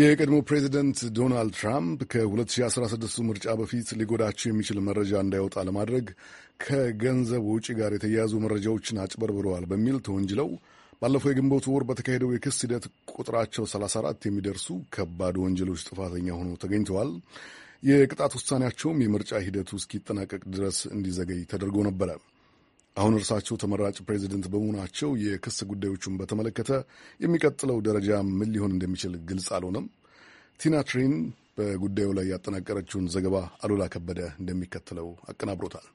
የቀድሞ ፕሬዚደንት ዶናልድ ትራምፕ ከ2016 ምርጫ በፊት ሊጎዳቸው የሚችል መረጃ እንዳይወጣ ለማድረግ ከገንዘብ ውጪ ጋር የተያያዙ መረጃዎችን አጭበርብረዋል በሚል ተወንጅለው ባለፈው የግንቦት ወር በተካሄደው የክስ ሂደት ቁጥራቸው 34 የሚደርሱ ከባድ ወንጀሎች ጥፋተኛ ሆኖ ተገኝተዋል። የቅጣት ውሳኔያቸውም የምርጫ ሂደቱ እስኪጠናቀቅ ድረስ እንዲዘገይ ተደርጎ ነበረ። አሁን እርሳቸው ተመራጭ ፕሬዚደንት በመሆናቸው የክስ ጉዳዮቹን በተመለከተ የሚቀጥለው ደረጃ ምን ሊሆን እንደሚችል ግልጽ አልሆነም። ቲና ትሪን በጉዳዩ ላይ ያጠናቀረችውን ዘገባ አሉላ ከበደ እንደሚከተለው አቀናብሮታል።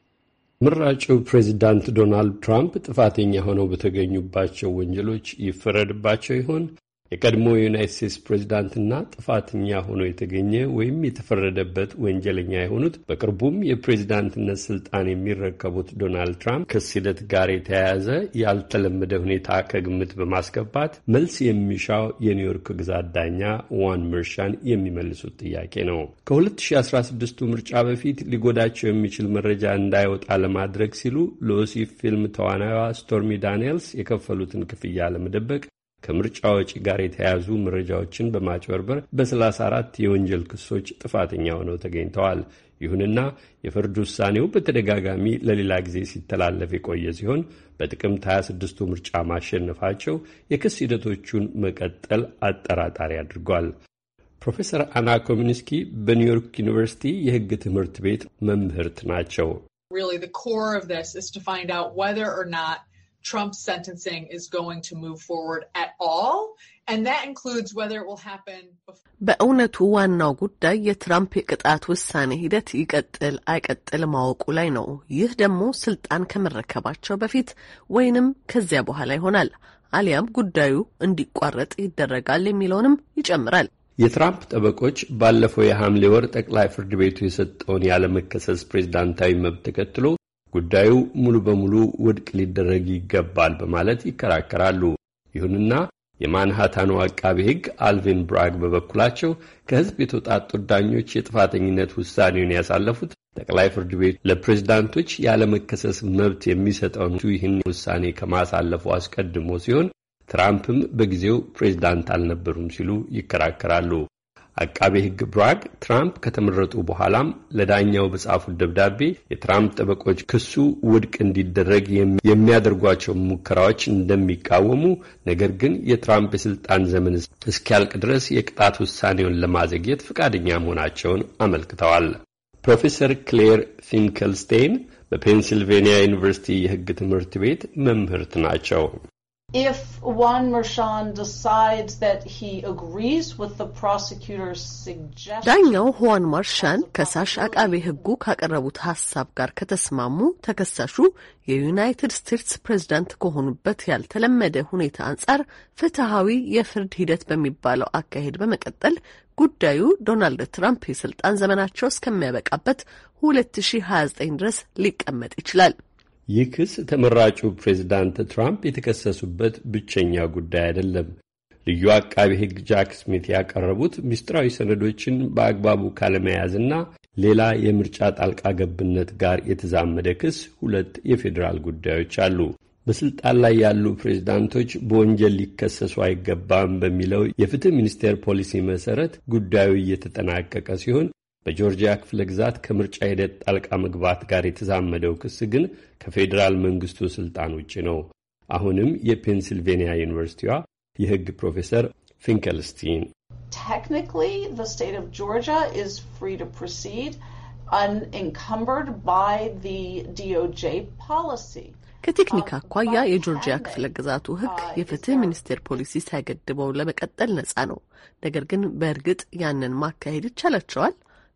መራጩ ፕሬዚዳንት ዶናልድ ትራምፕ ጥፋተኛ ሆነው በተገኙባቸው ወንጀሎች ይፈረድባቸው ይሆን? የቀድሞ የዩናይት ስቴትስ ፕሬዚዳንትና ጥፋተኛ ሆኖ የተገኘ ወይም የተፈረደበት ወንጀለኛ የሆኑት በቅርቡም የፕሬዚዳንትነት ስልጣን የሚረከቡት ዶናልድ ትራምፕ ክስ ሂደት ጋር የተያያዘ ያልተለመደ ሁኔታ ከግምት በማስገባት መልስ የሚሻው የኒውዮርክ ግዛት ዳኛ ዋን ምርሻን የሚመልሱት ጥያቄ ነው። ከ2016ቱ ምርጫ በፊት ሊጎዳቸው የሚችል መረጃ እንዳይወጣ ለማድረግ ሲሉ ለወሲብ ፊልም ተዋናይዋ ስቶርሚ ዳንኤልስ የከፈሉትን ክፍያ ለመደበቅ ከምርጫ ወጪ ጋር የተያያዙ መረጃዎችን በማጭበርበር በ34 የወንጀል ክሶች ጥፋተኛ ሆነው ተገኝተዋል። ይሁንና የፍርድ ውሳኔው በተደጋጋሚ ለሌላ ጊዜ ሲተላለፍ የቆየ ሲሆን በጥቅምት 26ቱ ምርጫ ማሸነፋቸው የክስ ሂደቶቹን መቀጠል አጠራጣሪ አድርጓል። ፕሮፌሰር አና ኮሚኒስኪ በኒውዮርክ ዩኒቨርሲቲ የሕግ ትምህርት ቤት መምህርት ናቸው። Trump's sentencing is going to move forward at all. And that includes whether it will happen በእውነቱ ዋናው ጉዳይ የትራምፕ የቅጣት ውሳኔ ሂደት ይቀጥል አይቀጥል ማወቁ ላይ ነው። ይህ ደግሞ ስልጣን ከመረከባቸው በፊት ወይንም ከዚያ በኋላ ይሆናል፣ አሊያም ጉዳዩ እንዲቋረጥ ይደረጋል የሚለውንም ይጨምራል። የትራምፕ ጠበቆች ባለፈው የሐምሌ ወር ጠቅላይ ፍርድ ቤቱ የሰጠውን ያለመከሰስ ፕሬዝዳንታዊ መብት ተከትሎ ጉዳዩ ሙሉ በሙሉ ውድቅ ሊደረግ ይገባል በማለት ይከራከራሉ። ይሁንና የማንሃታኑ አቃቤ ሕግ አልቪን ብራግ በበኩላቸው ከሕዝብ የተውጣጡ ዳኞች የጥፋተኝነት ውሳኔውን ያሳለፉት ጠቅላይ ፍርድ ቤቱ ለፕሬዝዳንቶች ያለመከሰስ መብት የሚሰጠውን ይህን ውሳኔ ከማሳለፉ አስቀድሞ ሲሆን ትራምፕም በጊዜው ፕሬዝዳንት አልነበሩም ሲሉ ይከራከራሉ። አቃቤ ሕግ ብራግ ትራምፕ ከተመረጡ በኋላም ለዳኛው በጻፉት ደብዳቤ የትራምፕ ጠበቆች ክሱ ውድቅ እንዲደረግ የሚያደርጓቸው ሙከራዎች እንደሚቃወሙ፣ ነገር ግን የትራምፕ የስልጣን ዘመን እስኪያልቅ ድረስ የቅጣት ውሳኔውን ለማዘግየት ፈቃደኛ መሆናቸውን አመልክተዋል። ፕሮፌሰር ክሌር ፊንከልስቴን በፔንሲልቬንያ ዩኒቨርሲቲ የሕግ ትምህርት ቤት መምህርት ናቸው። if Juan Mershon decides that he agrees with the prosecutor's suggestion ዳኛው ሁዋን ማርሻን ከሳሽ አቃቤ ሕጉ ካቀረቡት ሀሳብ ጋር ከተስማሙ ተከሳሹ የዩናይትድ ስቴትስ ፕሬዝዳንት ከሆኑበት ያልተለመደ ሁኔታ አንጻር ፍትሐዊ የፍርድ ሂደት በሚባለው አካሄድ በመቀጠል ጉዳዩ ዶናልድ ትራምፕ የስልጣን ዘመናቸው እስከሚያበቃበት 2029 ድረስ ሊቀመጥ ይችላል። ይህ ክስ ተመራጩ ፕሬዚዳንት ትራምፕ የተከሰሱበት ብቸኛ ጉዳይ አይደለም። ልዩ አቃቢ ሕግ ጃክ ስሚት ያቀረቡት ምስጢራዊ ሰነዶችን በአግባቡ ካለመያዝና ሌላ የምርጫ ጣልቃ ገብነት ጋር የተዛመደ ክስ ሁለት የፌዴራል ጉዳዮች አሉ። በስልጣን ላይ ያሉ ፕሬዝዳንቶች በወንጀል ሊከሰሱ አይገባም በሚለው የፍትህ ሚኒስቴር ፖሊሲ መሰረት ጉዳዩ እየተጠናቀቀ ሲሆን በጆርጂያ ክፍለ ግዛት ከምርጫ ሂደት ጣልቃ መግባት ጋር የተዛመደው ክስ ግን ከፌዴራል መንግስቱ ስልጣን ውጭ ነው። አሁንም የፔንሲልቬንያ ዩኒቨርሲቲዋ የሕግ ፕሮፌሰር ፊንከልስቲን ከቴክኒክ አኳያ የጆርጂያ ክፍለ ግዛቱ ህግ የፍትህ ሚኒስቴር ፖሊሲ ሳይገድበው ለመቀጠል ነጻ ነው። ነገር ግን በእርግጥ ያንን ማካሄድ ይቻላቸዋል?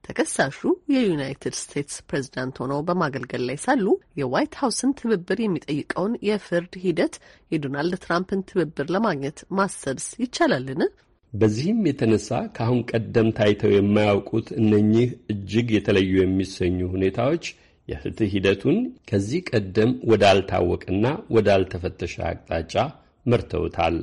ተከሳሹ የዩናይትድ ስቴትስ ፕሬዝዳንት ሆነው በማገልገል ላይ ሳሉ የዋይት ሀውስን ትብብር የሚጠይቀውን የፍርድ ሂደት የዶናልድ ትራምፕን ትብብር ለማግኘት ማሰብስ ይቻላልን? በዚህም የተነሳ ከአሁን ቀደም ታይተው የማያውቁት እነኚህ እጅግ የተለዩ የሚሰኙ ሁኔታዎች የፍትህ ሂደቱን ከዚህ ቀደም ወዳልታወቅና ወዳልተፈተሸ አቅጣጫ መርተውታል።